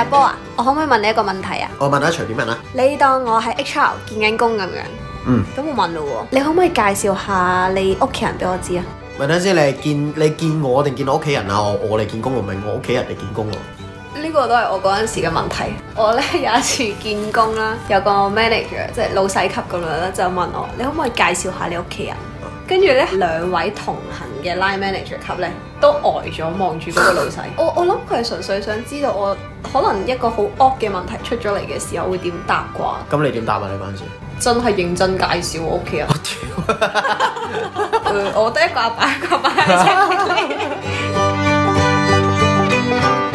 阿波啊，我可唔可以問你一個問題啊？我問吓，隨便問、嗯、問啊？你當我喺 H R 見緊工咁樣？嗯，咁我問咯，你可唔可以介紹下你屋企人俾我知啊？問下先，你係見你見我定見到屋企人啊？我我嚟見工，唔係我屋企人嚟見工咯。呢個都係我嗰陣時嘅問題。我咧有一次見工啦，有個 manager 即係老細級咁樣咧，就問我你可唔可以介紹下你屋企人？跟住咧，呢兩位同行嘅 line manager 級咧，都呆咗望住嗰個老細。我我諗佢係純粹想知道我可能一個好惡嘅問題出咗嚟嘅時候會點答啩？咁你點答啊？你嗰陣時真係認真介紹我屋企人。我得一個阿爸，爸一個阿媽，媽。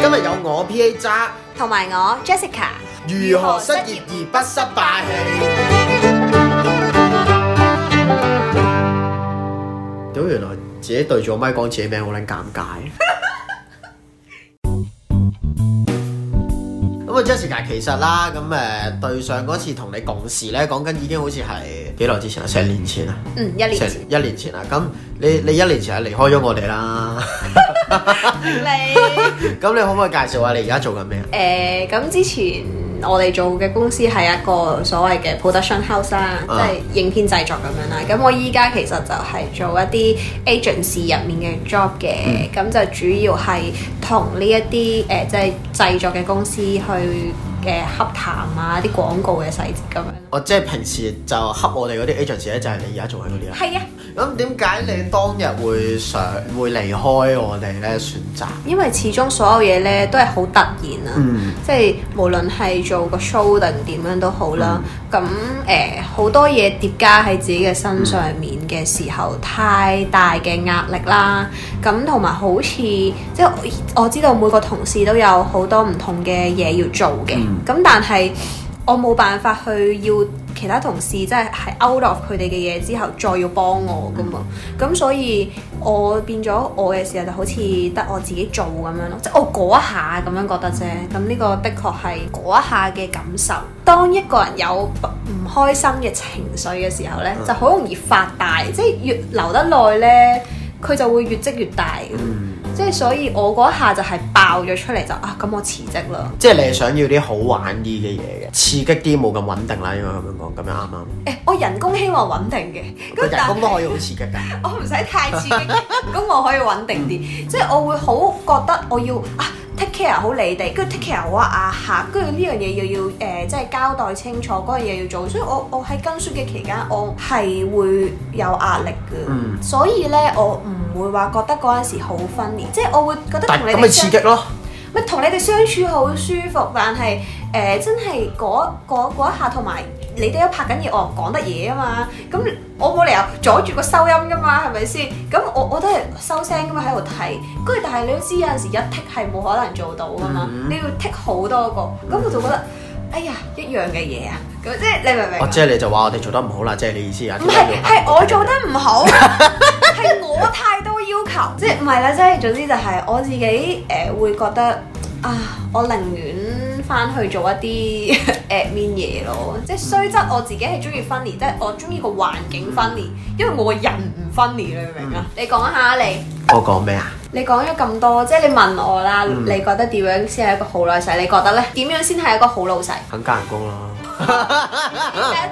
今日有我 PA 渣，同埋我 Jessica。如何失業而不失霸氣？ 咁原來自己對住個咪講自己名好撚尷尬。咁啊 Jessica，其實啦，咁誒對上嗰次同你共事咧，講緊已經好似係幾耐之前啊？成年前啊？前嗯，一年成一年前啊？咁你你一年前係離開咗我哋啦。 你咁 你可唔可以介紹下你而家做緊咩？誒、呃，咁之前。我哋做嘅公司係一個所謂嘅 production house 啊，即係影片製作咁樣啦。咁我依家其實就係做一啲 agency 入面嘅 job 嘅，咁就主要係同呢一啲誒，即係製作嘅公司去。嘅洽談啊，啲廣告嘅細節咁樣，我即係平時就恰我哋啲 agency 咧，就係、是、你而家做緊啲啦。係啊。咁點解你當日會想會離開我哋咧？選擇，因為始終所有嘢咧都係好突然啊！嗯、即係無論係做個 show 定點樣都好啦。咁誒好多嘢疊加喺自己嘅身上面。嗯嘅時候太大嘅壓力啦，咁同埋好似即係我知道每個同事都有好多唔同嘅嘢要做嘅，咁、嗯、但係。我冇辦法去要其他同事，即係係 out of 佢哋嘅嘢之後，再要幫我噶嘛。咁、mm hmm. 所以我變咗我嘅時候，就好似得我自己做咁樣咯。即、就、係、是、我嗰一下咁樣覺得啫。咁呢個的確係嗰一下嘅感受。當一個人有唔開心嘅情緒嘅時候呢，mm hmm. 就好容易發大。即、就、係、是、越留得耐呢，佢就會越積越大。Mm hmm. 即係所以，我嗰一下就係爆咗出嚟就啊！咁我辭職啦。即係你係想要啲好玩啲嘅嘢嘅，刺激啲冇咁穩定啦。應該咁樣講，咁又啱啱？誒、欸，我人工希望穩定嘅。咁但係人工都可以好刺激㗎。我唔使太刺激，咁 我可以穩定啲。即係 我會好覺得我要啊。take care 好你哋，跟住 take care 好啊吓，跟住呢樣嘢又要誒，即係交代清楚嗰樣嘢要做，所以我我喺跟書嘅期間，我係會有壓力嘅，所以咧我唔會話覺得嗰陣時好分裂，即係我會覺得同你咁咪刺激咯，咪同你哋相處好舒服，但係誒真係嗰一下同埋。你哋一拍緊嘢，我唔講得嘢啊嘛，咁我冇理由阻住個收音噶嘛，係咪先？咁我我都係收聲噶嘛，喺度睇。跟住但係你都知有陣時一剔 i 係冇可能做到噶嘛，嗯、你要剔好多個，咁我就覺得，哎呀一樣嘅嘢啊，咁即係你明唔明、哦？即係你就話我哋做得唔好啦，即係你意思啊？唔係，係我做得唔好，係 我太多要求，即係唔係啦，即係總之就係我自己誒、呃、會覺得啊，我寧願。翻去做一啲 admin 嘢咯，即 係、嗯、 雖則我自己係中意 funny，即係我中意個環境 funny，因為我個人唔 funny 你明唔明啊？嗯、你講下你，我講咩啊？你講咗咁多，即係你問我啦，你覺得點樣先係一個好老細？你覺得咧？點樣先係一個好老細？肯加人工咯，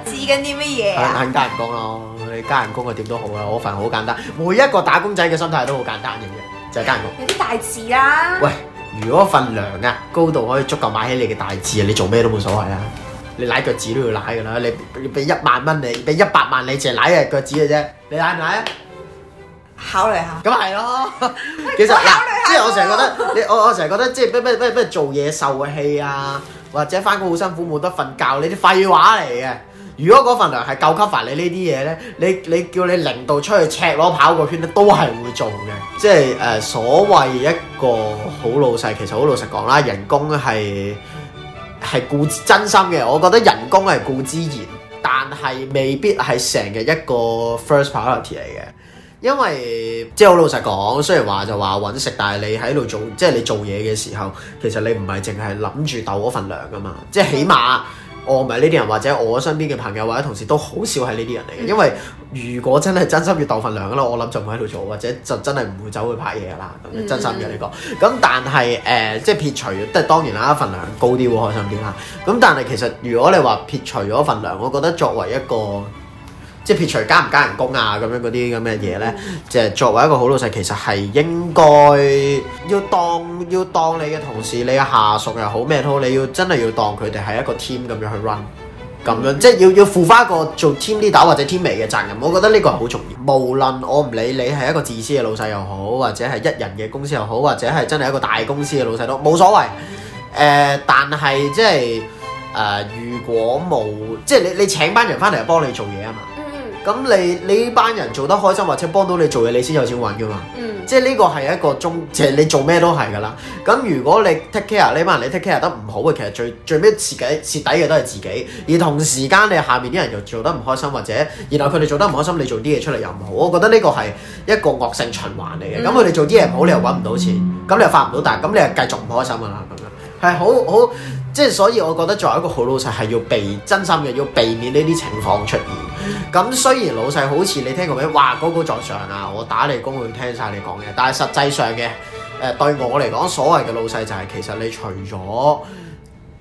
字緊啲乜嘢？肯加人工咯，你加人工啊點都好啊，我份好簡單，每一個打工仔嘅心態都好簡單嘅啫，就係、是、加人工。 有啲大字啦、啊。喂。如果份糧啊，高到可以足夠買起你嘅大志啊，你做咩都冇所謂啦。你舐腳趾都要舐㗎喇，你俾一萬蚊你，俾一百萬你，淨係舐隻腳趾嘅啫。你舐唔舐啊？考慮下。咁係咯。 其實嗱，即係我成日覺得，我得 你我成日覺得，即係咩咩咩咩做嘢受氣啊，或者翻工好辛苦冇得瞓覺，呢啲廢話嚟嘅。如果嗰份糧係夠吸 o 你呢啲嘢咧，你你叫你零度出去赤裸跑個圈都係會做嘅。即係誒、呃，所謂一個好老細，其實好老實講啦，人工係係顧真心嘅。我覺得人工係顧之言，但係未必係成日一個 first priority 嚟嘅。因為即係好老實講，雖然話就話揾食，但係你喺度做，即、就、係、是、你做嘢嘅時候，其實你唔係淨係諗住鬥嗰份糧噶嘛。即係起碼、嗯。我唔係呢啲人，或者我身邊嘅朋友或者同事都好少係呢啲人嚟嘅，因為如果真係真心要鬥份量啦，我諗就唔喺度做，或者就真係唔會走去拍嘢啦。咁真心嘅呢個，咁、嗯、但係誒，即、呃、係、就係、撇除，即係當然啦，份量高啲會開心啲啦。咁但係其實如果你話撇除咗份量，我覺得作為一個。即係撇除加唔加人工啊咁樣嗰啲咁嘅嘢咧，即係作為一個好老細，其實係應該要當要當你嘅同事、你嘅下屬又好咩都好，你要真係要當佢哋係一個 team 咁樣去 run，咁樣即係要要負翻一個做 team leader 或者 teammate 嘅責任。我覺得呢個係好重要。無論我唔理你係一個自私嘅老細又好，或者係一人嘅公司又好，或者係真係一個大公司嘅老細都冇所謂。誒，但係即係誒，如果冇即係你你請班人翻嚟幫你做嘢啊嘛～咁你呢班人做得開心，或者幫到你做嘢，你先有錢揾噶嘛？嗯，即係呢個係一個中，即係你做咩都係噶啦。咁如果你 take care 呢班人你 take care 得唔好嘅，其實最最尾蝕底蝕底嘅都係自己。而同時間你下面啲人又做得唔開心，或者然後佢哋做得唔開心，你做啲嘢出嚟又唔好。我覺得呢個係一個惡性循環嚟嘅。咁佢哋做啲嘢唔好，你又揾唔到錢，咁，嗯，你又發唔到達，咁你就繼續唔開心噶啦。咁樣係好好。即係所以，我覺得作為一個好老細，係要避真心嘅，要避免呢啲情況出現。咁雖然老細好似你聽過咩，哇！高高在上啊，我打你工，會聽晒你講嘅，但係實際上嘅，誒對我嚟講，所謂嘅老細就係、是、其實你除咗，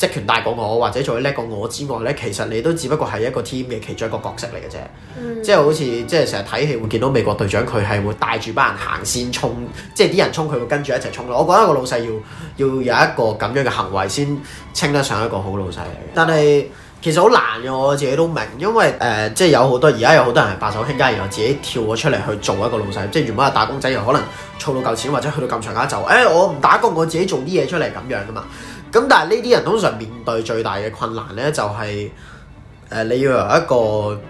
一拳大過我，或者做嘢叻過我之外咧，其實你都只不過係一個 team 嘅其中一個角色嚟嘅啫。即係好似即係成日睇戲會見到美國隊長，佢係會帶住班人行先衝，即係啲人衝佢會跟住一齊衝咯。我覺得一個老細要要有一個咁樣嘅行為，先稱得上一個好老細。但係其實好難嘅，我自己都明，因為誒、呃、即係有好多而家有好多人係白手興家，然後自己跳咗出嚟去做一個老細。即係原本係打工仔，又可能儲到嚿錢，或者去到咁長家就誒，我唔打工，我自己做啲嘢出嚟咁樣噶嘛。咁但係呢啲人通常面對最大嘅困難呢，就係，是呃，你要由一個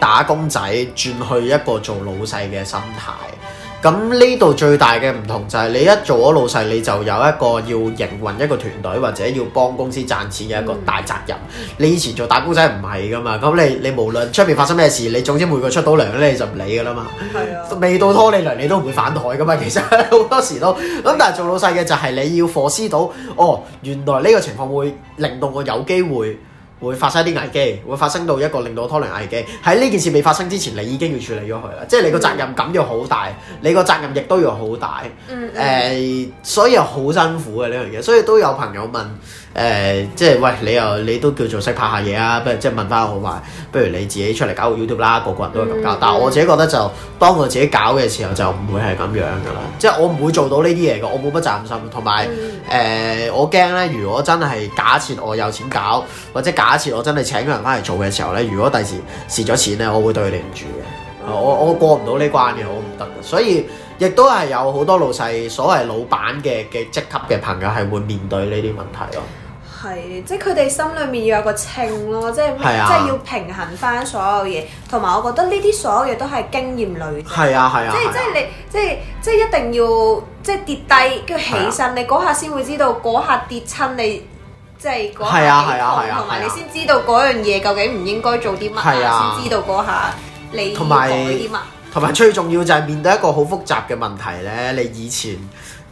打工仔轉去一個做老細嘅心態。咁呢度最大嘅唔同就係你一做咗老細，你就有一個要營運一個團隊或者要幫公司賺錢嘅一個大責任。嗯、你以前做打工仔唔係噶嘛，咁你你無論出邊發生咩事，你總之每個出到糧咧你就唔理噶啦嘛。係是啊，未到拖你糧你都唔會反台噶嘛。其實好多時都咁，但係做老細嘅就係你要 foresight 到，哦，原來呢個情況會令到我有機會。會發生啲危機，會發生到一個令到拖累危機。喺呢件事未發生之前，你已經要處理咗佢啦。即係你個責任感要好大，你個責任亦都要好大。嗯，嗯。誒、呃，所以好辛苦嘅呢樣嘢，所以都有朋友問。誒、呃，即係喂，你又你都叫做識拍下嘢啊，不如即係問翻我埋，不如你自己出嚟搞個 YouTube 啦，個個人都係咁搞。但係我自己覺得就當我自己搞嘅時候就唔會係咁樣噶啦，即係我唔會做到呢啲嘢嘅，我冇乜責任心，同埋誒我驚咧，如果真係假設我有錢搞，或者假設我真係請個人翻嚟做嘅時候咧，如果第時蝕咗錢咧，我會對你唔住嘅。我我過唔到呢關嘅，我唔得。所以亦都係有好多老細，所謂老闆嘅嘅職級嘅朋友係會面對呢啲問題咯。係，即係佢哋心裏面要有個秤咯，即係即係要平衡翻所有嘢，同埋我覺得呢啲所有嘢都係經驗累積，即係即係你即係即係一定要即係跌低跟住起身，你嗰下先會知道嗰下跌親你，即係嗰下跌痛，同埋你先知道嗰樣嘢究竟唔應該做啲乜啊，先知道嗰下你同埋。同埋最重要就係面對一個好複雜嘅問題咧，你以前。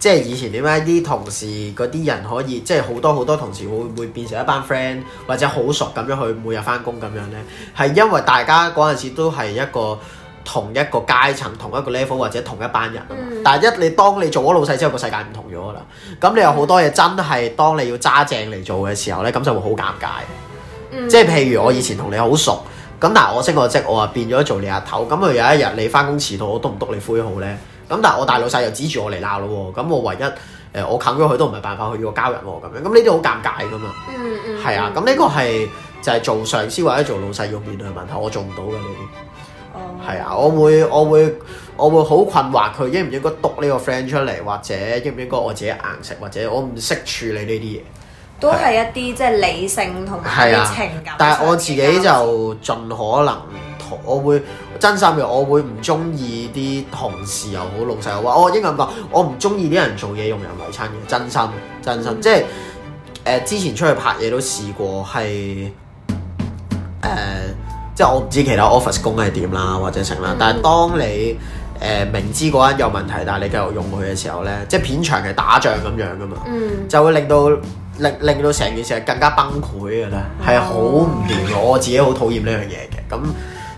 即係以前點解啲同事嗰啲人可以即係好多好多同事會會變成一班 friend 或者好熟咁樣去每日翻工咁樣呢？係因為大家嗰陣時都係一個同一個階層、同一個 level 或者同一班人啊嘛。嗯、但係一你當你做咗老細之後，個世界唔同咗啦。咁你有好多嘢真係當你要揸正嚟做嘅時候呢，咁就會好尷尬。嗯、即係譬如我以前同你好熟，咁但係我升個職，我話變咗做你阿頭。咁佢有一日你翻工遲到，我督唔督你灰號呢？咁但係我大老細又指住我嚟鬧咯，咁我唯一誒、呃、我冚咗佢都唔係辦法去要我交人喎，咁樣咁呢啲好尷尬噶嘛，係、嗯嗯、啊，咁呢個係就係、是、做上司或者做老細要面對嘅問題，我做唔到噶呢啲，係、哦、啊，我會我會我會好困惑佢應唔應該督呢個 friend 出嚟，或者應唔應該我自己硬食，或者我唔識處理呢啲嘢，都係一啲、啊、即係理性同埋情感、啊，但係我自己就盡可能，我會。真心嘅，我會唔中意啲同事又好老細又話，我、哦、英文講，我唔中意啲人做嘢用人唯親嘅，真心真心，即係誒、呃、之前出去拍嘢都試過，係誒、呃、即係我唔知其他 office 工係點啦或者成啦，但係當你誒、呃、明知嗰人有問題，但係你繼續用佢嘅時候咧，即係片場嘅打仗咁樣㗎嘛，嗯、就會令到令令到成件事係更加崩潰㗎啦，係好唔掂，我自己好討厭呢樣嘢嘅咁。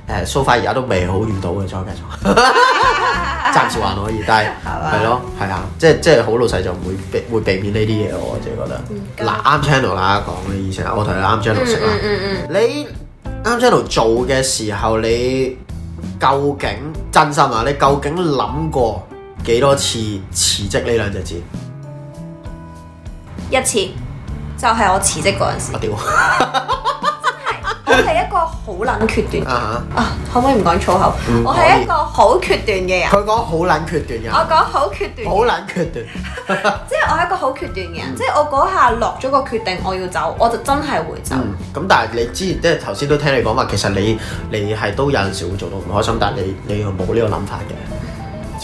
誒、uh，so far 而家都未好遇到嘅，再繼續， 暫時還可以，但係係咯，係啊， 即係即係好老細就唔會避會避免呢啲嘢咯，我只係覺得。嗱、嗯，啱 channel 啦講嘅以前，我同你啱 channel 識啦。嗯嗯你啱 channel 做嘅時候，你究竟真心啊？你究竟諗過幾多次辭職呢兩隻字？一次，就係、是、我辭職嗰陣時。我屌！我係一個好冷決斷嘅人、uh huh. 啊，可唔可以唔講粗口？我係一個好決斷嘅人。佢講好冷決斷嘅，我講好決斷，好冷決斷， 即係我係一個好決斷嘅人。嗯、即係我嗰下落咗個決定，我要走，我就真係會走。咁、嗯、但係你之前即係頭先都聽你講話，其實你你係都有陣時會做到唔開心，但係你你冇呢個諗法嘅。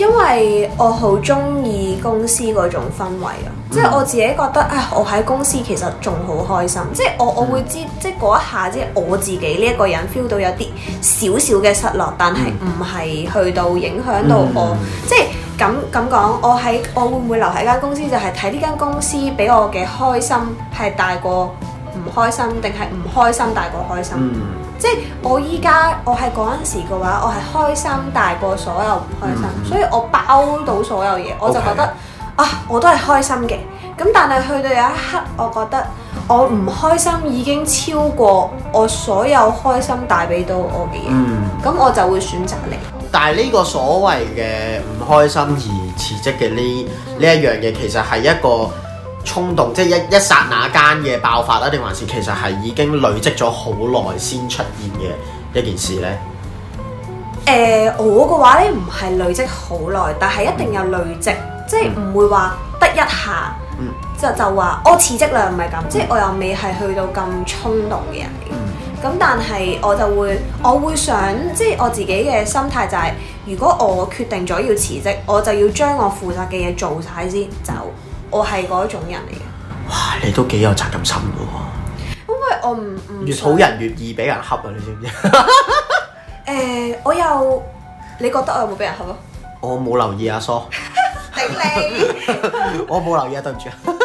因為我好中意公司嗰種氛圍啊，mm hmm. 即係我自己覺得啊，我喺公司其實仲好開心，mm hmm. 即係我我會知，即係嗰一下即係我自己呢一個人 feel 到有啲少少嘅失落，但係唔係去到影響到我。Mm hmm. 即係咁咁講，我喺我會唔會留喺間公司，就係睇呢間公司俾我嘅開心係大過唔開心，定係唔開心大過開心？Mm hmm. 即係我依家，我係嗰陣時嘅話，我係開心大過所有唔開心，嗯、所以我包到所有嘢，我就覺得 Okay. 啊，我都係開心嘅。咁但係去到有一刻，我覺得我唔開心已經超過我所有開心帶俾到我嘅嘢，咁、嗯、我就會選擇你。但係呢個所謂嘅唔開心而辭職嘅呢呢一樣嘢，其實係一個衝動，即係一一剎那間嘅爆發啦，定還是其實係已經累積咗好耐先出現嘅一件事呢？誒、呃，我嘅話咧唔係累積好耐，但係一定有累積，嗯、即係唔會話得一下、嗯、就就話我辭職啦，唔係咁，即係我又未係去到咁衝動嘅人。咁但係我就會，我會想，即係我自己嘅心態就係、是，如果我決定咗要辭職，我就要將我負責嘅嘢做晒先走。我係嗰種人嚟嘅。哇！你都幾有責任心嘅喎。因為我唔唔越好人越易俾人恰啊！你知唔知？誒、 呃，我又你覺得我有冇俾人恰咯？我冇留意啊，叔！頂你！我冇留意啊，對唔住啊。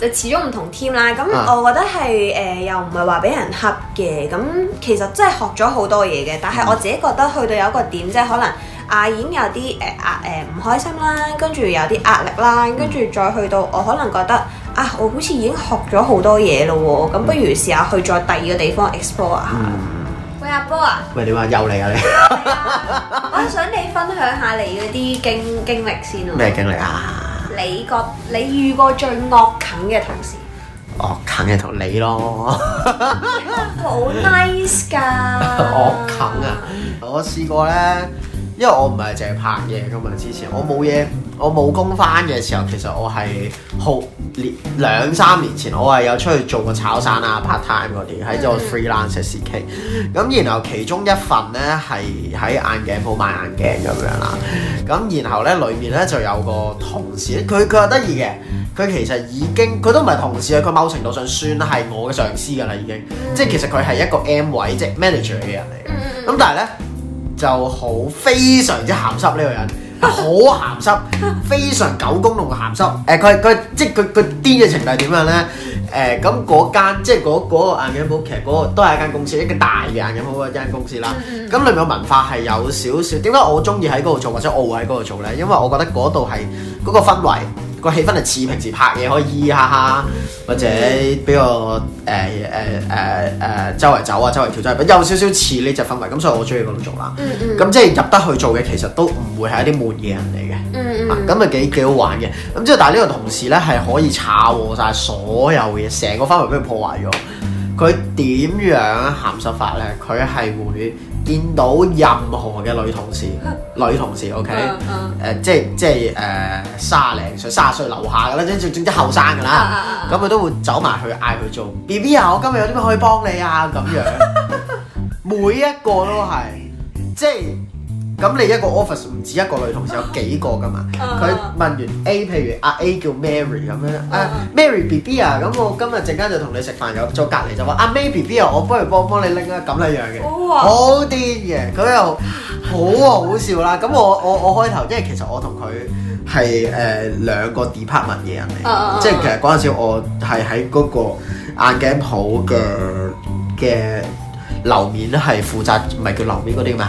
就始終唔同 team 啦。咁我覺得係誒、呃，又唔係話俾人恰嘅。咁其實真係學咗好多嘢嘅。但係我自己覺得去到有一個點，即係可能。啊已經有啲誒壓誒唔開心啦，跟住有啲壓力啦，跟住、嗯、再去到我可能覺得啊，我好似已經學咗好多嘢咯喎，咁不如試下去再第二個地方 explore 下。嗯、喂阿波啊，喂點啊？又嚟啊你。 你 okay. 我想你分享下你嗰啲經經歷先咯。咩經歷啊？你個你遇過最惡啃嘅同事。惡啃嘅同你咯。好 nice 㗎。惡啃啊！我試過咧。因為我唔係淨係拍嘢噶嘛，之前我冇嘢，我冇工返嘅時候，其實我係好年兩三年前，我係有出去做過炒散啊 part time 嗰啲，喺做 freelance 時期。咁然後其中一份呢，係喺眼鏡鋪賣眼鏡咁樣啦。咁然後呢裏面呢，就有個同事，佢佢又得意嘅，佢其實已經佢都唔係同事啊，佢某程度上算係我嘅上司噶啦，已經。 即係其實佢係一個 M 位即 manager 嘅人嚟嘅。咁 但係呢。就好非常之鹹濕呢個人，好鹹濕，非常狗公同鹹濕。誒、呃，佢佢即係佢佢癲嘅程度係點樣呢？誒、呃，咁嗰間即係嗰嗰個眼鏡鋪，其實嗰、嗰個嗰個都係一間公司，一個大嘅眼鏡鋪一間公司啦。咁裡面嘅文化係有少少，點解我中意喺嗰度做或者我會喺嗰度做呢？因為我覺得嗰度係嗰個氛圍，個氣氛係似平時拍嘢可以，哈哈，或者比較誒誒誒誒周圍走啊，周圍跳周圍，有少少似呢隻氛圍咁，所以我中意咁做啦。咁、嗯嗯、即係入得去做嘅，其實都唔會係一啲悶嘅人嚟嘅。嗯嗯啊，咁咪幾幾好玩嘅咁之後，但係呢個同事呢，係可以炒和晒所有嘢，成個氛圍俾佢破壞咗。佢點樣鹹濕法呢？佢係會。見到任何嘅女同事， 女同事，OK，誒、 呃，即係即係誒，卅、呃、零歲、卅歲留下嘅啦，總之總之後生㗎啦，咁佢 都會走埋去嗌佢做 B B 啊，我今日有啲咩可以幫你啊？咁樣， 每一個都係， 即係。咁你一個 office 唔止一個女同事有幾個噶嘛？佢、啊、問完 A，譬如阿 A 叫 Mary 咁樣，啊 Mary B B 啊，咁、啊、我今日陣間就同你食飯，又坐隔離就話阿、啊啊、Mary B B 啊，我不如幫幫你拎啊，咁樣樣嘅玩，好癲嘅，佢又好啊，好笑啦。咁我我我，我開頭，即係其實我同佢係誒兩個 department 嘅人嚟，啊、即係其實嗰陣時我係喺嗰個眼鏡鋪嘅嘅樓面，係負責唔係叫樓面嗰啲咩？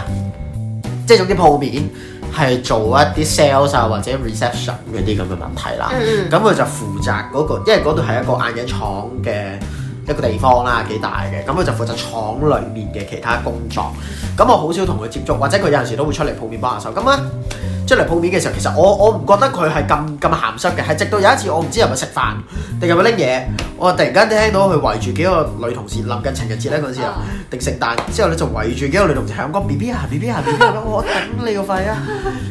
即係做啲鋪面，係做一啲 sales、啊、或者 reception 嗰啲咁嘅問題啦。咁佢 就負責嗰、嗰個，因為嗰度係一個眼鏡廠嘅一個地方啦，幾大嘅。咁佢就負責廠裏面嘅其他工作。咁我好少同佢接觸，或者佢有陣時都會出嚟鋪面幫下手，咁啊。出嚟鋪面嘅時候，其實我我唔覺得佢係咁咁鹹濕嘅，係直到有一次我唔知係咪食飯定係咪拎嘢，我突然間聽到佢圍住幾個女同事，臨緊情人節咧嗰陣時啊，定聖誕之後咧就圍住幾個女同事喺度講 B B 啊 B B 啊 B B 啊，啊啊 我頂你個肺啊！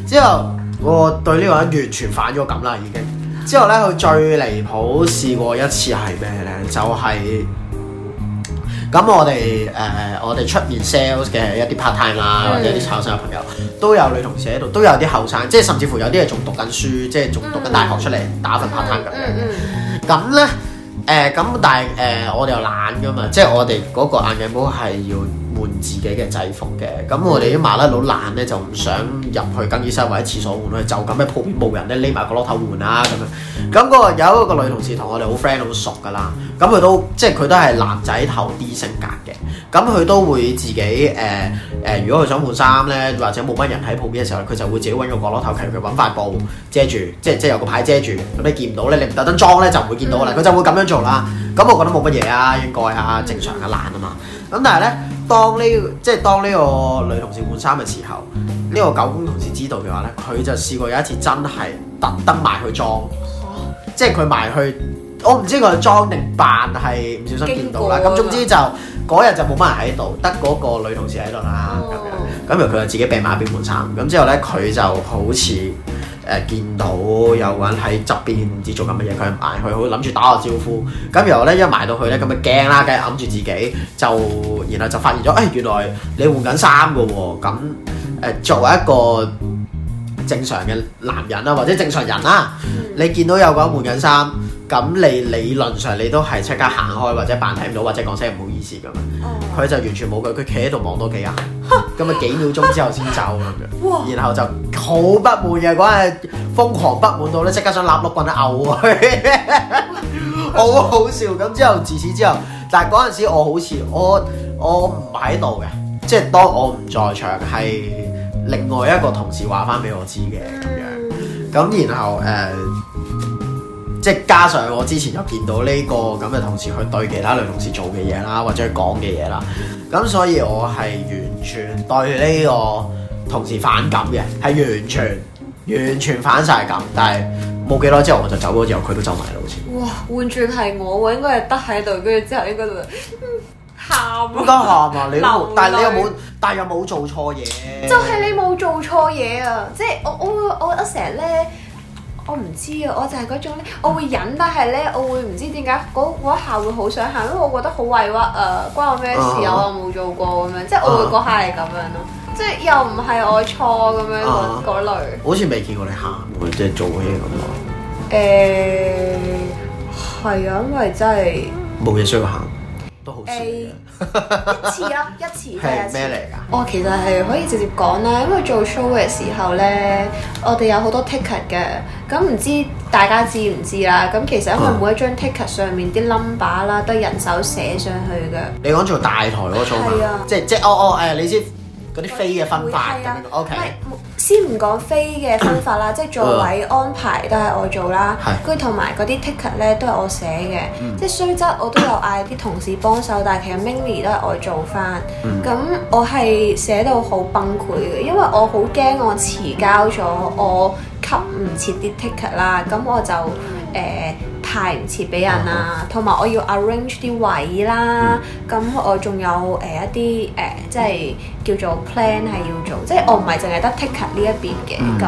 之後我對呢個人完全反咗咁啦已經。之後咧佢最離譜試過一次係咩咧？就係、是。咁我哋誒、呃、我哋出面 sales 嘅一啲 part time 啦的，或者一啲後生嘅朋友都有女同事喺度，都有啲後生，即係甚至乎有啲係仲讀緊書，即係仲讀緊大學出嚟打份 part time 咁樣。咁咧誒咁，但係誒、呃、我哋又懶㗎嘛，即係我哋嗰個眼鏡妹係要。換自己嘅制服嘅，咁我哋啲馬拉佬懶咧就唔想入去更衣室或者廁所換，佢就咁喺鋪面冇人咧，匿埋個角落頭換啊咁樣。咁、嗰個有一個女同事同我哋好 friend 好熟噶啦，咁佢都即係佢都係男仔頭啲性格嘅，咁佢都會自己誒誒、呃呃，如果佢想換衫咧，或者冇乜人喺鋪面嘅時候，佢就會自己揾個角落頭，其實佢揾塊布遮住，即即有個牌遮住，咁你見唔到咧，你唔特登裝咧就唔會見到啦，佢、嗯、就會咁樣做啦。咁我覺得冇乜嘢啊，應該啊正常嘅、啊、懶啊嘛。咁、嗯、但係咧，當呢即係當呢個女同事換衫嘅時候，呢、呢個狗公同事知道嘅話咧，佢就試過有一次真係特登埋去裝，即係佢埋去，我唔知佢裝定扮係唔小心見到啦。咁總之就嗰日就冇乜人喺度，得嗰個女同事喺度啦咁樣。咁然後佢就自己埋一邊換衫。咁之後咧，佢就好似。誒、呃、見到有個人喺側邊唔知做緊乜嘢，佢埋去好諗住打個招呼，咁然後呢，一埋到去呢，咁咪驚啦，梗係揞住自己，就然後就發現咗，誒、哎、原來你換緊衫噶喎，咁、呃、作為一個正常嘅男人啊，或者正常人啦，你見到有個人換緊衫，咁你理論上你都係即刻行開或者扮睇唔到或者講聲唔好意思咁樣，佢、哦、就完全冇佢，佢企喺度望多幾眼，咁啊幾秒鐘之後先走咁樣，然後就好不滿嘅嗰陣，瘋狂不滿到咧，即刻想攬碌棍嚟拗佢，好 好笑。咁之後自此之，之後，但係嗰陣時我好似我我唔喺度嘅，即係當我唔在場係。另外一個同事話翻俾我知嘅咁樣，咁然後誒、呃，即係加上我之前又見到呢個咁嘅同事去對其他女同事做嘅嘢啦，或者講嘅嘢啦，咁所以我係完全對呢個同事反感嘅，係完全完全反晒感。但係冇幾耐之後我就走咗，之後佢都走埋啦，好似。哇！完全係我喎，我應該係得喺度，跟住之後應該就係。 喊？點解喊啊？你但係你又冇，但係又冇做錯嘢。就係你冇做錯嘢啊！即係我我我我成日咧，我唔知啊！我就係嗰種咧，我會忍，但係咧，我會唔知點解嗰下會好想喊，因為我覺得好委屈啊！關我咩事啊？我冇做過咁樣，即係我會嗰下係咁樣咯。即係又唔係我錯咁樣嗰嗰類。好似未見過你喊喎，即係做嘢啲咁啊。誒，係啊，因為真係冇嘢需要喊。都好少、欸、 一次咯，一次係咩嚟㗎？哦，其實係可以直接講啦，因為做 show 嘅時候咧，我哋有好多 ticket 嘅。咁唔知大家知唔知啦？咁其實因為每一張 ticket 上面啲 number 啦，都係人手寫上去嘅。啊、你講做大台嗰個 show 係即即哦哦，誒、哦、你知。嗰啲飛嘅分法、啊、o、okay. 先唔講飛嘅分法啦， 即係座位 安排都係我做啦。跟住同埋嗰啲 ticket 咧都係我寫嘅， 即係雖則我都有嗌啲同事幫手，但係其實 mini 都係我做翻。咁 我係寫到好崩潰嘅，因為我好驚我遲交咗，我吸唔切啲 ticket 啦。咁我就誒。呃太唔切俾人啦，同埋我要 arrange 啲位啦，咁我仲有誒一啲誒，即係叫做 plan 係要做，即係我唔係淨係得 ticket 呢一邊嘅。咁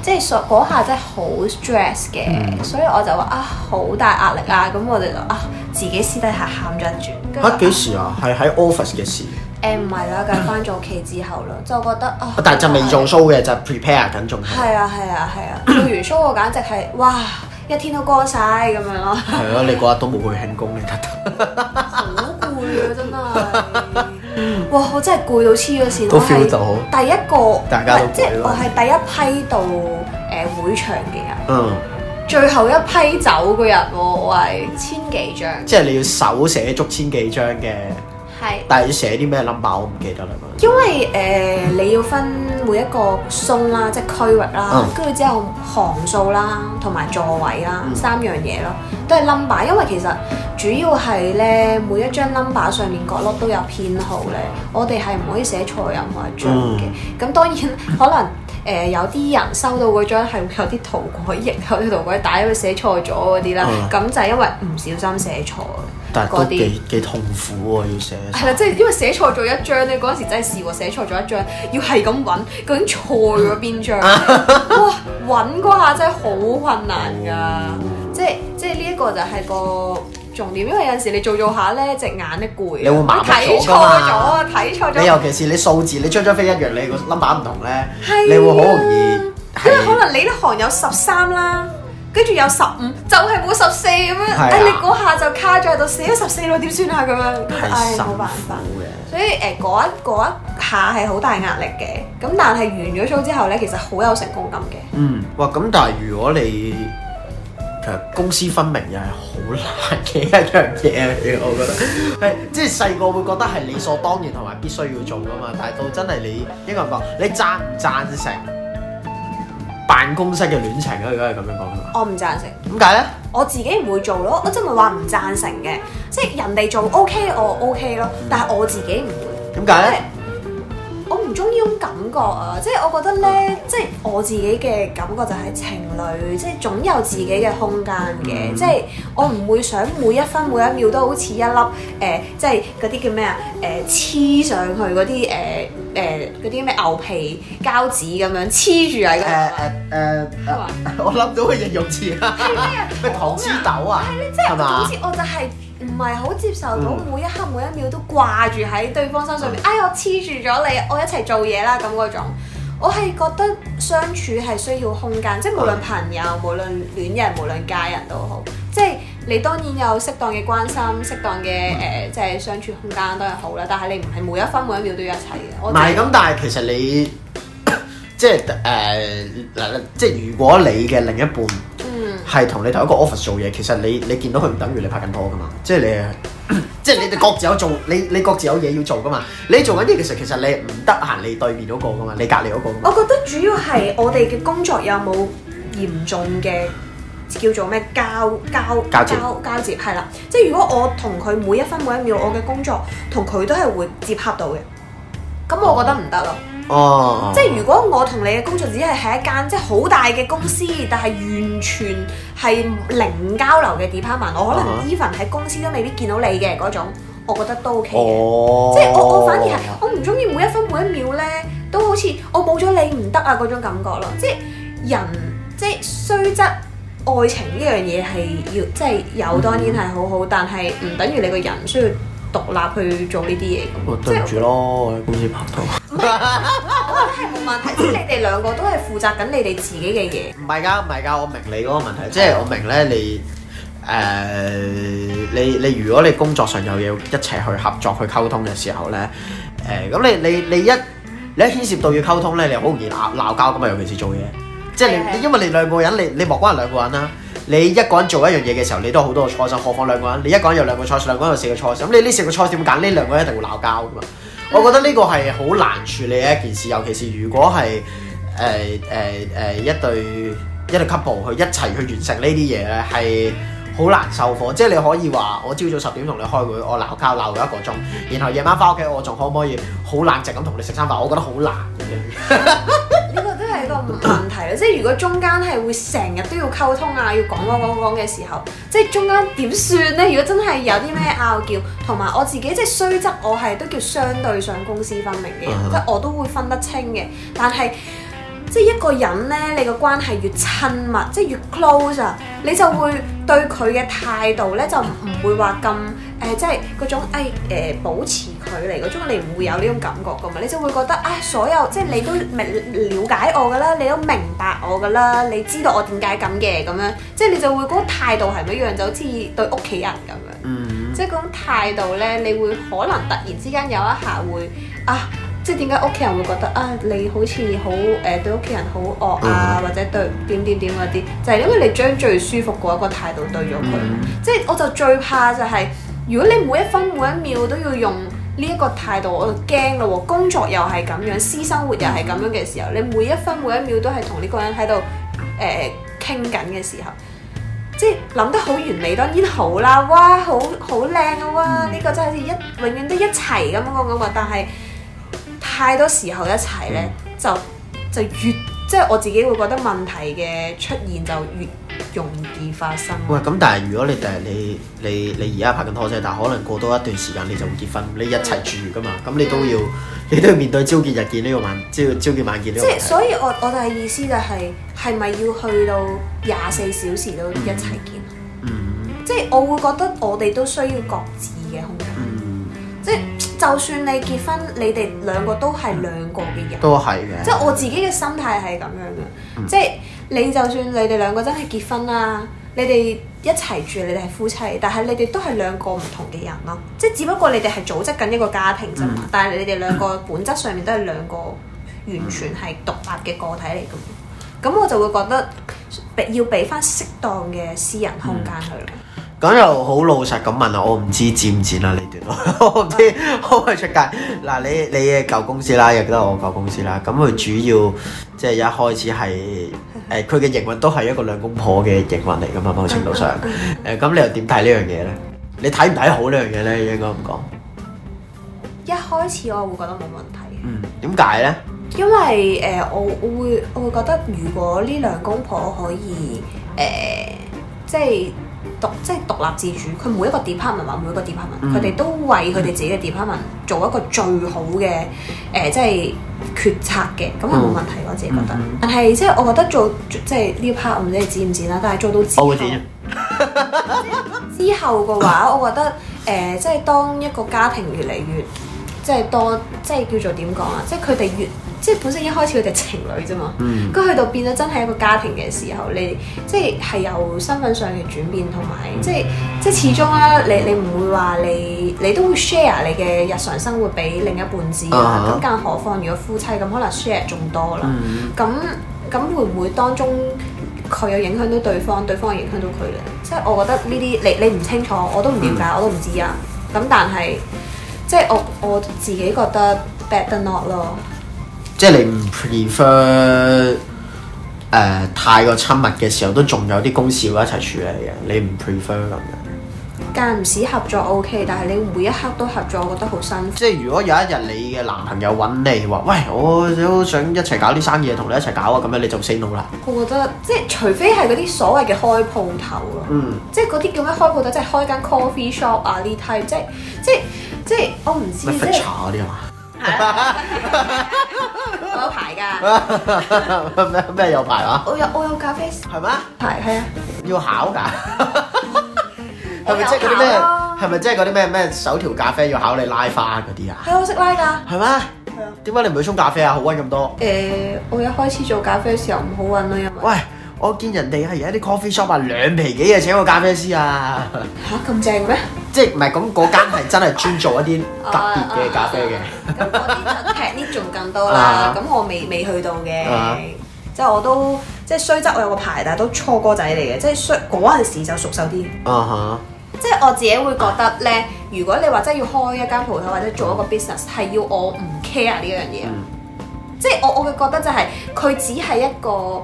即係嗰下真係好 stress 嘅，所以我就話啊好大壓力啊，咁我哋就啊自己私底下喊著住嚇幾時啊？係喺 office 嘅事。誒唔係啦，咁返咗屋企之後啦，就覺得啊，但係就未做 show 嘅，就 prepare 緊仲係係啊係啊係啊，做完 show 我簡直係哇！一天都過晒，咁樣咯，係咯，你嗰日都冇去慶功，你得得好攰啊，真係，哇，我真係攰到黐咗線，覺我係第一個，大家即係我係第一批到誒會場嘅人，嗯，最後一批走嘅人喎，我係千幾張，即係你要手寫足千幾張嘅，係是，但係要寫啲咩 number 我唔記得啦。因為誒、呃、你要分每一個 zone 啦，即係區域啦，跟住之後行數啦，同埋座位啦三樣嘢咯，都係 number。因為其實主要係咧，每一張 number 上面角落都有編號咧，我哋係唔可以寫錯任何一張嘅。咁、oh. 當然可能誒、呃、有啲人收到嗰張係會有啲塗改液、有啲塗改帶去寫錯咗嗰啲啦，咁、oh. 就係因為唔小心寫錯。但係啲幾幾痛苦喎，要寫係啦，即係因為寫錯咗一張咧，嗰陣時真係試過寫錯咗一張，要係咁揾究竟錯咗邊張，哇揾嗰下真係好困難㗎，即係即係呢一個就係個重點，因為有陣時你做做下咧隻眼咧攰，你會麻麻咗㗎嘛，睇錯咗，睇錯咗，尤其是你數字你張張飛一樣，你個 number 唔同咧，你會好容易，因為可能你一行有十三啦。跟住有十五，就係冇十四咁樣。係你嗰下就卡咗喺度，死咗十四咯，點算啊咁樣？係冇辦法嘅。辛苦嘅。所以誒，嗰一嗰一下係好大壓力嘅。咁但係完咗操之後咧，其實好有成功感嘅。嗯，哇！咁但係如果你其實公私分明又係好難嘅一樣嘢嘅，我覺得係、 哎、即係細個會覺得係理所當然同埋必須要做噶嘛。但係到真係你應該話，你贊唔贊成？辦公室嘅戀情咯，如果係咁樣講嘅。我唔贊成，點解咧？我自己唔會做咯，我真係唔係話唔贊成嘅，即係人哋做 OK，我 OK 咯，但係我自己唔會。點解咧？我唔鍾意呢種感覺啊！即、就、係、是、我覺得咧，即、就、係、是、我自己嘅感覺就係情侶，即、就、係、是、總有自己嘅空間嘅。即係、嗯、我唔會想每一分每一秒都好似一粒誒，即係嗰啲叫咩啊？誒、呃，黐上去嗰啲誒誒嗰啲咩牛皮膠紙咁樣黐住喺度。誒誒、uh, uh, uh, uh, uh, 我諗到個形容詞哈哈啊！咩糖黐、啊、豆啊？係咪啊？即係好似我就係、是。唔係好接受到每一刻每一秒都掛住喺對方身上面，嗯、哎我黐住咗你，我一齊做嘢啦咁嗰種，我係覺得相處係需要空間，嗯、即係無論朋友、無論戀人、無論家人都好，即係你當然有適當嘅關心、適當嘅誒即係相處空間都係好啦，但係你唔係每一分每一秒都要一齊嘅。唔係咁，但係其實你即係誒嗱，即係、呃、如果你嘅另一半。係同你同一個 office 做嘢，其實你你見到佢唔等於你拍緊拖噶嘛？即係你，即係你哋各自有做，你你各自有嘢要做噶嘛？你做緊嘢其實其實你唔得閒，你對面嗰個噶嘛？你隔離嗰個。我覺得主要係我哋嘅工作有冇嚴重嘅叫做咩交交交交接？係啦，即係如果我同佢每一分每一秒，我嘅工作同佢都係會接洽到嘅，咁我覺得唔得咯。哦哦，啊、即係如果我同你嘅工作只係喺一間即係好大嘅公司，但係完全係零交流嘅 department，我可能 even 喺公司都未必見到你嘅嗰種，我覺得都 OK 嘅。啊、即係我我反而係我唔中意每一分每一秒咧，都好似我冇咗你唔得啊嗰種感覺咯。即係人即係雖則愛情呢樣嘢係要即係有當然係好好，嗯、但係唔等於你個人需要。獨立去做呢啲嘢，對唔住咯我喺公司拍拖，係冇問題。你哋兩個都係負責緊你哋自己嘅嘢。唔係㗎，唔係㗎，我明你嗰個問題，即係我明咧你誒你你如果你工作上又要一齊去合作去溝通嘅時候咧，誒咁你你你一你一牽涉到要溝通咧，你好容易鬧鬧交㗎嘛，尤其是做嘢，即係你因為你兩個人，你你莫關兩個人啦。你一個人做一樣嘢嘅時候，你都有好多個初心，何況兩個人？你一個人有兩個初心，兩個人有四個初心。咁你呢四個初心點揀？呢兩個人一定會鬧交噶嘛。我覺得呢個係好難處理嘅一件事，尤其是如果係誒誒誒一對一對 couple 去一齊去完成呢啲嘢咧，係好難受火。即係你可以話，我朝早十點同你開會，我鬧交鬧咗一個鐘，然後夜晚翻屋企我仲可唔可以好冷靜咁同你食餐飯？我覺得好難。 都係一個問題啦，即係如果中間係會成日都要溝通啊，要講講講講嘅時候，即係中間點算呢？如果真係有啲咩拗撬，同埋我自己即係雖則我係都叫相對上公私分明嘅人，啊、即係我都會分得清嘅。但係即係一個人呢，你個關係越親密，即係越 close 啊，你就會對佢嘅態度呢，就唔會話咁誒，即係嗰種誒誒、哎呃、保持。距離嘅，中學你唔會有呢種感覺噶嘛，你就會覺得啊，所有即係你都明了解我噶啦，你都明白我噶啦，你知道我點解咁嘅咁樣，即係你就會嗰、那個嗯、哼種態度係咪一樣？就好似對屋企人咁樣，即係嗰種態度咧，你會可能突然之間有一下會啊，即係點解屋企人會覺得啊，你好似好誒對屋企人好惡啊，嗯、哼或者對怎樣怎樣怎樣點點點嗰啲，就係、是、因為你將最舒服嗰一個態度對咗佢。嗯、哼即係我就最怕就係、是，如果你每一分每一秒都要用。呢一個態度，我就驚咯喎！工作又係咁樣，私生活又係咁樣嘅時候，嗯、你每一分每一秒都係同呢個人喺度誒傾緊嘅時候，即係諗得好完美，當然好啦，哇，好好靚啊，哇！呢、嗯、個真係好似一永遠都一齊咁樣嗰個，但係太多時候一齊咧、嗯、就就越。即係我自己會覺得問題嘅出現就越容易發生。喂、嗯，咁但係如果你第日你你你而家拍緊拖仔，但係可能過多一段時間你就會結婚，你一齊住噶嘛，咁、嗯、你都要你都要面對朝見日見呢個晚朝朝見晚見呢個問題。即係所以我我嘅意思就係係咪要去到廿四小時都一齊見嗯？嗯。即係我會覺得我哋都需要各自嘅空間。嗯、即係。就算你結婚，嗯、你哋兩個都係兩個嘅人，都係嘅。即係我自己嘅心態係咁樣嘅，即係、嗯、你就算你哋兩個真係結婚啦，嗯、你哋一齊住，你哋係夫妻，但係你哋都係兩個唔同嘅人咯。即係、嗯、只不過你哋係組織緊一個家庭啫嘛。嗯、但係你哋兩個本質上面都係兩個完全係獨立嘅個體嚟嘅，咁、嗯、我就會覺得要俾翻適當嘅私人空間佢。嗯。咁又好老實咁問啊，我唔知剪唔剪啊呢段，我唔知可唔可以出街。嗱，你你嘅舊公司啦，亦都係我舊公司啦。咁佢主要即係一開始係誒，佢嘅營運都係一個兩公婆嘅營運嚟噶嘛，某程度上。誒，咁你又點睇呢樣嘢咧？你睇唔睇好呢樣嘢咧？應該唔講。一開始我會覺得冇問題嘅。嗯。點解咧？因為誒，我我會我會覺得，如果呢兩公婆可以誒，即係。獨即係獨立自主，佢每一個 department 話每一個 department，佢哋都為佢哋自己嘅 department 做一個最好嘅誒、呃，即係決策嘅，咁係冇問題。我自己覺得，嗯嗯、但係即係我覺得做，做即係呢 part，唔知你知唔知啦？但係做到之後嘅 話，我覺得誒、呃，即係當一個家庭越嚟越即係多，即係叫做點講啊？即係佢哋越。即係本身一開始佢哋情侶啫嘛，咁、嗯、去到變咗真係一個家庭嘅時候，你即係係由身份上嘅轉變，同埋即係即係始終啦、啊。你你唔會話你你都會 share 你嘅日常生活俾另一半知啦。咁、啊、更何況如果夫妻咁，可能 share 仲多啦。咁咁、嗯、會唔會當中佢又影響到對方，對方又影響到佢咧？即係我覺得呢啲你你唔清楚，我都唔了解，我都唔知啊。咁、嗯、但係即係我我自己覺得 better not 咯。即係你唔 prefer 誒、呃、太過親密嘅時候，都仲有啲公事會一齊處理嘅。你唔 prefer 咁樣？間唔時合作 OK，但係你每一刻都合作，我覺得好辛苦。即係如果有一日你嘅男朋友揾你話：喂，我都想一齊搞啲生意同你一齊搞啊，咁樣你就 say no 啦。我覺得即係除非係嗰啲所謂嘅開鋪頭咯，嗯，即係嗰啲叫咩開鋪頭，即係開間 coffee shop 啊呢，即係即係即係我唔知即茶即嘛。 有牌噶。 咩咩有牌啊？我有我有咖啡，係咩嗎？係係啊。 要考噶的，係咪即係嗰啲咩？係咪即係嗰啲咩咩手調咖啡要考你拉花嗰啲啊？係我識拉噶，係咩？係啊。點解你唔會沖咖啡啊？好搵咁多。誒、呃，我一開始做咖啡嘅時候唔好搵啊，因為喂。我見人哋係而家啲 coffee shop 啊，兩皮幾就請個咖啡師啊！嚇咁正咩？即係唔係咁？嗰間係真係專做一啲特別嘅咖啡嘅。咁我呢劈呢仲更多啦。咁我未未去到嘅，即係我都即係雖則我有個牌，但係都初哥仔嚟嘅。即係衰嗰陣時就熟手啲。啊哈！即係我自己會覺得咧，如果你話真係要開一間鋪頭或者做一個 business，係要我唔 care 呢樣嘢。即係我我會覺得就係佢只係一個。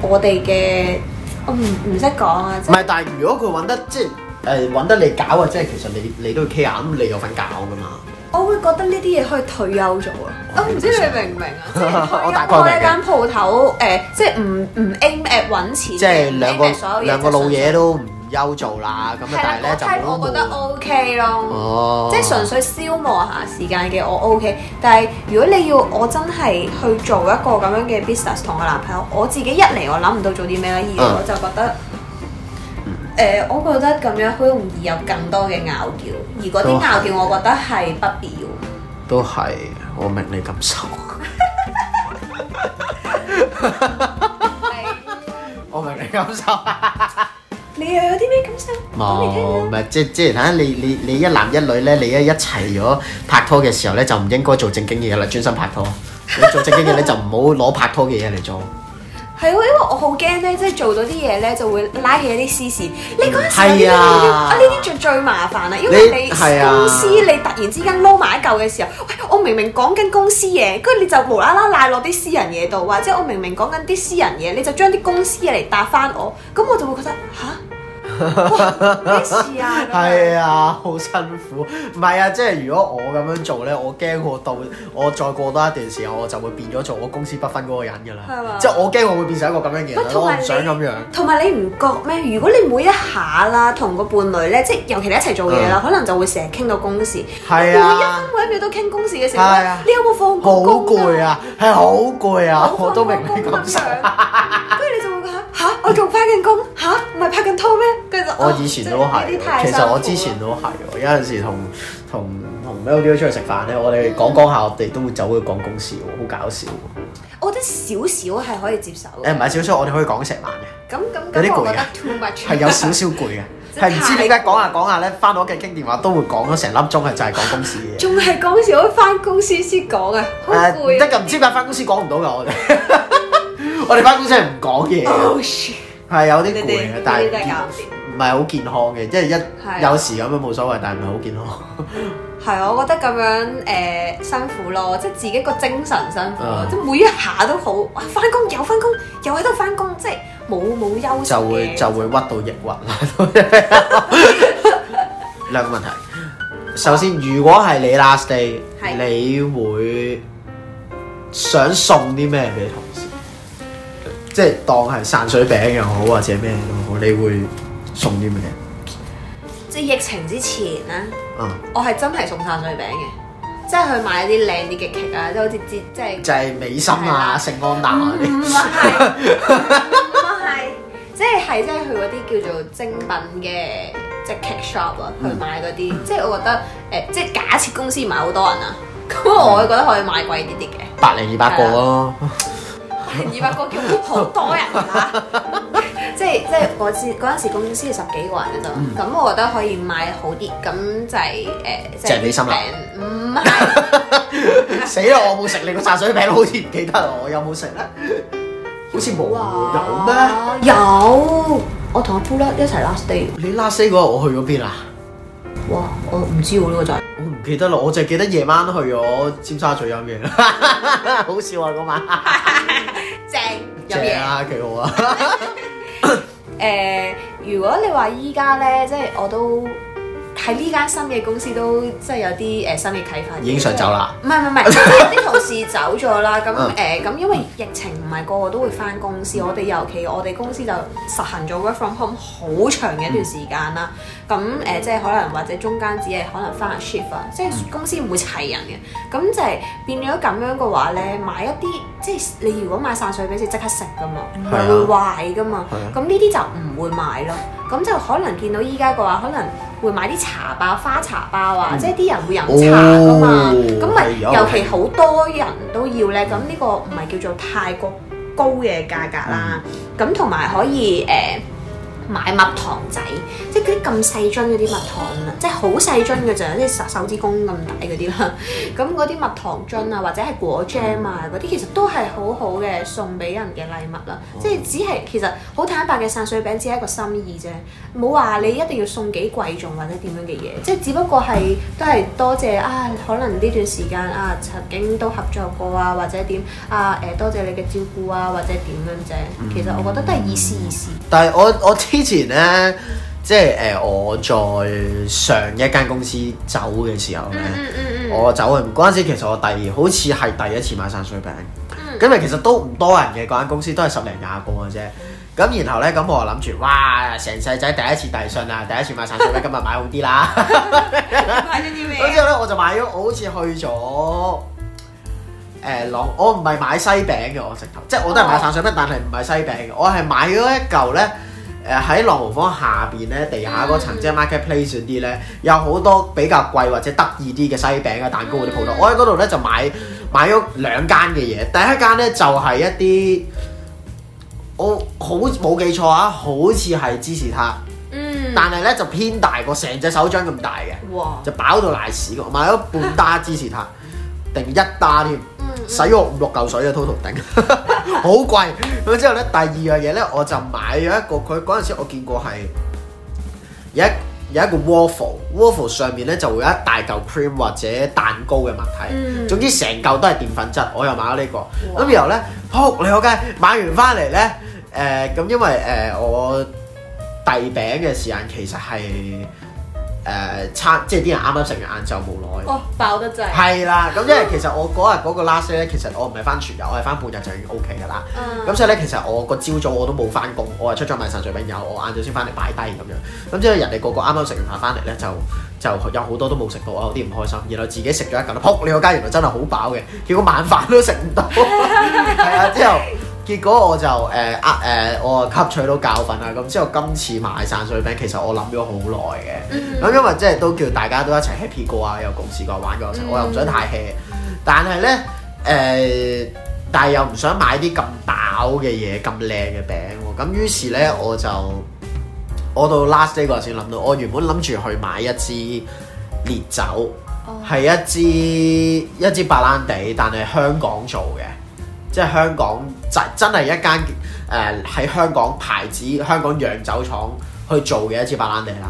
我哋嘅我唔唔識講啊！唔係，但係如果佢揾得即係誒揾得你搞啊，即係其實你你都要 care 啊，咁你有份搞㗎嘛？我會覺得呢啲嘢可以退休咗啊！ 我唔知你明唔明啊？我大概開，一開間鋪頭誒，即係唔唔 aim at 揾錢，即係兩個兩個老嘢都唔。 休做啦，咁但係咧的就，我覺得 OK 咯，哦、即係純粹消磨下時間嘅我 OK。但係如果你要我真係去做一個咁樣嘅 business 同我男朋友，我自己一嚟我諗唔到做啲咩啦，二我就覺得，誒、嗯呃，我覺得咁樣好容易有更多嘅拗撬，而嗰啲拗撬我覺得係不必要。都係，我明你感受。我明你感受。你又有啲咩感受？冇咪即即，嗱你你你一男一女咧，你一一齊咗拍拖嘅時候咧，就唔應該做正經嘢啦，專心拍拖。 做正經嘢咧，你就唔好攞拍拖嘅嘢嚟做。係喎， 因為我好驚咧，即係做到啲嘢咧，就會拉起一啲私事。你覺得係啊？啊呢啲就最麻煩啊！因為你公司，你，啊、你突然之間撈埋一嚿嘅時候，喂、哎，我明明，明講緊公司嘢，跟住你就無啦啦賴落啲私人嘢度，或者我明明，明講緊啲私人嘢，你就將啲公司嘢嚟答翻我，咁我就會覺得嚇。咩事啊？係啊，好辛苦。唔係啊，即係如果我咁樣做咧，我驚我到我再過多一段時間，我就會變咗做我公私不分嗰個人噶啦。係嘛？即係我驚我會變成一個咁樣嘅人咯。唔想咁樣。同埋你唔覺咩？如果你每一下啦，同個伴侶咧，即係尤其你一齊做嘢啦，可能就會成日傾到公事。係啊。每一分每一秒都傾公事嘅時候，係啊，你有冇放工？好攰啊！係好攰啊！我都明你咁想。吓？我仲翻緊工吓？唔係拍緊拖咩？其實，其實我以前都係，其實我之前都係。我有陣時同同同 l i 出去食飯咧，我哋講講下，我哋都會走去講公事喎，好搞笑。我覺得少少係可以接受。誒、啊，唔係少少，我哋可以講成晚嘅。咁咁，有啲攰嘅，too much，係 有少少攰嘅，係唔 知你而家講下講下咧，翻到屋企傾電話都會講咗成粒鐘，係就係講公事。仲係講事，我翻公司先講嘅，好攰。一陣唔知點解翻公司講唔到嘅，我哋。 我哋翻工真係唔講嘢，係有啲攰嘅，但係唔係好健康嘅，即係一有時咁樣冇所謂，但係唔係好健康。係啊，我覺得咁樣誒辛苦咯，即係自己個精神辛苦咯，即係每一下都好，哇！翻工又翻工，又喺度翻工，即係冇冇休息。就會就會屈到抑鬱啦。兩個問題，首先如果係你 last day，你會想送啲咩俾同事？即係當係散水餅又好，或者咩又好，你會送啲咩啊？即係疫情之前咧，啊，我係真係送散水餅嘅，即係去買啲靚啲嘅 cake 啊，即係好似即係就係美心啊、聖安娜嗰啲，唔係，唔係，即係係即係去嗰啲叫做精品嘅即係 cake shop 啊，去買嗰啲，即係我覺得誒，即係假設公司唔係好多人啊，咁我會覺得可以買貴啲啲嘅，百零二百個咯。二百個叫好多人嚇， 即係即係我知嗰陣時公司十幾個人嘅啫，咁、嗯、我覺得可以買好啲，咁就係、是、誒，即係平，唔係死啦！我冇食你個散水餅，好似唔記得我有冇食啊？好似冇啊？有咩嗎？有，有我同阿 Puller 一齊 last day。你 last day 嗰日我去咗邊啊？哇！我唔知喎呢個就。唔記，記得啦，我就記得夜晚去咗尖沙咀飲嘢。 好笑啊，嗰晚 正正啊，幾夜好啊。誒 uh, 如果你話依家咧，即係我都。喺呢間新嘅公司都即係有啲誒新嘅啟發，已經想走啦。唔係唔係唔係，啲同事走咗啦。咁誒咁，因為疫情唔係個個都會返公司，我哋尤其我哋公司就實行咗 work from home 好長嘅一段時間啦。咁誒，即係可能或者中間只係可能返下 shift 啊，即係公司唔會齊人嘅。咁就係變咗咁樣嘅話咧，買一啲即係你如果買曬水冰先即刻食噶嘛，係會壞噶嘛。咁呢啲就唔會買咯。咁就可能見到依家嘅話，可能。會買啲茶包、花茶包啊，嗯、即係啲人會飲茶㗎嘛，咁咪尤其好多人都要咧，咁呢個唔係叫做太過高嘅價格啦，咁同埋可以誒、呃、買蜜糖仔。啲咁細樽嗰啲蜜糖啊，即係好細樽嘅就，即係手手指公咁大嗰啲啦。咁嗰啲蜜糖樽啊，或者係果醬啊嗰啲，其實都係好好嘅送俾人嘅禮物啦。即係、嗯、只係其實好坦白嘅散水餅，只係一個心意啫，冇話你一定要送幾貴重或者點樣嘅嘢。即係只不過係都係多謝啊，可能呢段時間啊曾經都合作過啊，或者點啊誒多、呃、謝你嘅照顧啊，或者點樣啫。其實我覺得都係意思意思。嗯嗯、但係我我之前咧。即係誒、呃，我在上一間公司走嘅時候咧，嗯嗯、我走嘅嗰陣時，其實我第二好似係第一次買散水餅。今日、嗯、其實都唔多人嘅，嗰間公司都十十，都係十零廿個嘅啫。咁然後咧，咁我就諗住，哇！成世仔第一次遞信啊，第一次買散水餅，今日買好啲啦。咁之後咧，我就買咗，我好似去咗誒狼，我唔係買西餅嘅，我食，頭，即係我都係買散水餅，但係唔係西餅嘅，我係買咗一嚿咧。 誒喺朗豪坊下邊咧，地下嗰層即係 market place 嗰啲咧，mm. 有好多比較貴或者得意啲嘅西餅啊、蛋糕嗰啲鋪頭。Mm. 我喺嗰度咧就買買咗兩間嘅嘢，第一間咧就係一啲我好冇記錯啊，好似係芝士撻。嗯、mm. 但係咧就偏大個，成隻手掌咁大嘅。哇！就飽到瀨屎，我買咗半打芝士撻，定一打添。洗咗五六嚿水嘅 total 頂，好 貴。咁之 後呢，第二樣嘢呢，我就買咗一個，佢嗰陣時我見過係有一有一個，個 waffle，waffle、嗯、上面呢就會有一大嚿 cream 或者蛋糕嘅物體，嗯、總之成嚿都係澱粉質。我又買咗呢、這個，咁哇然後呢，噗！你好計買完翻嚟呢，誒、呃、咁因為誒、呃、我遞餅嘅時間其實係。誒差，即係啲人啱啱食完晏晝冇耐。哇、哦，飽得滯！係啦，咁因為其實我嗰日嗰個 last 咧，其實我唔係翻全日，我係翻半日就已經 O K 啦。咁、嗯、所以咧，其實我個朝早我都冇翻工，我係出咗買曬水餅油，我晏晝先翻嚟擺低咁樣。咁即係人哋個個啱啱食完飯翻嚟咧，就就有好多都冇食到，我有啲唔開心。然後自己食咗一嚿，撲你個街！原來真係好飽嘅，結果晚飯都食唔到。係啊，之後。結果我就誒啊誒，我吸取到教訓啊，咁之後今次買散水餅，其實我諗咗好耐嘅，咁、嗯、因為即係都叫大家都一齊 happy 過啊，又共事過玩過，我又唔想太 hea、嗯、但係呢，誒、呃，但係又唔想買啲咁飽嘅嘢，咁靚嘅餅，咁於是呢，我就我到 last day 嗰時先諗到，我原本諗住去買一支烈酒，係、嗯、一支、嗯、一支白蘭地，但係香港做嘅。即係香港就真係一間誒喺香港牌子香港洋酒廠去做嘅一支白蘭地啦，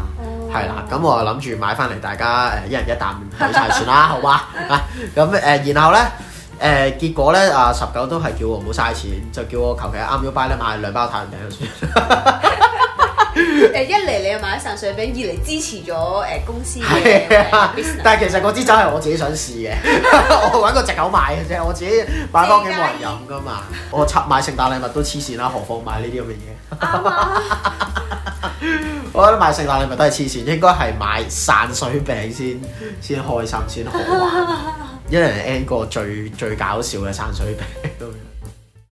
係啦、嗯，咁我就諗住買翻嚟大家誒、呃、一人一啖睇晒算啦，好嗎？啊， 咁、呃、誒然後咧誒、呃、結果咧啊、呃、十九都係叫我唔好嘥錢，就叫我求其啱咗 buy 咧買兩包太陽餅就算。誒， 一嚟你又買散水餅，二嚟支持咗誒公司， 但係其實嗰支酒係我自己想試嘅， 我搵個借口買嘅啫，我自己買翻屋企冇人飲噶嘛。 我出買聖誕禮物都黐線啦，何況買呢啲咁嘅嘢。 我覺得買聖誕禮物都係黐線，應該係買散水餅先，先開心先好。 一人 N 個最最搞笑嘅散水餅。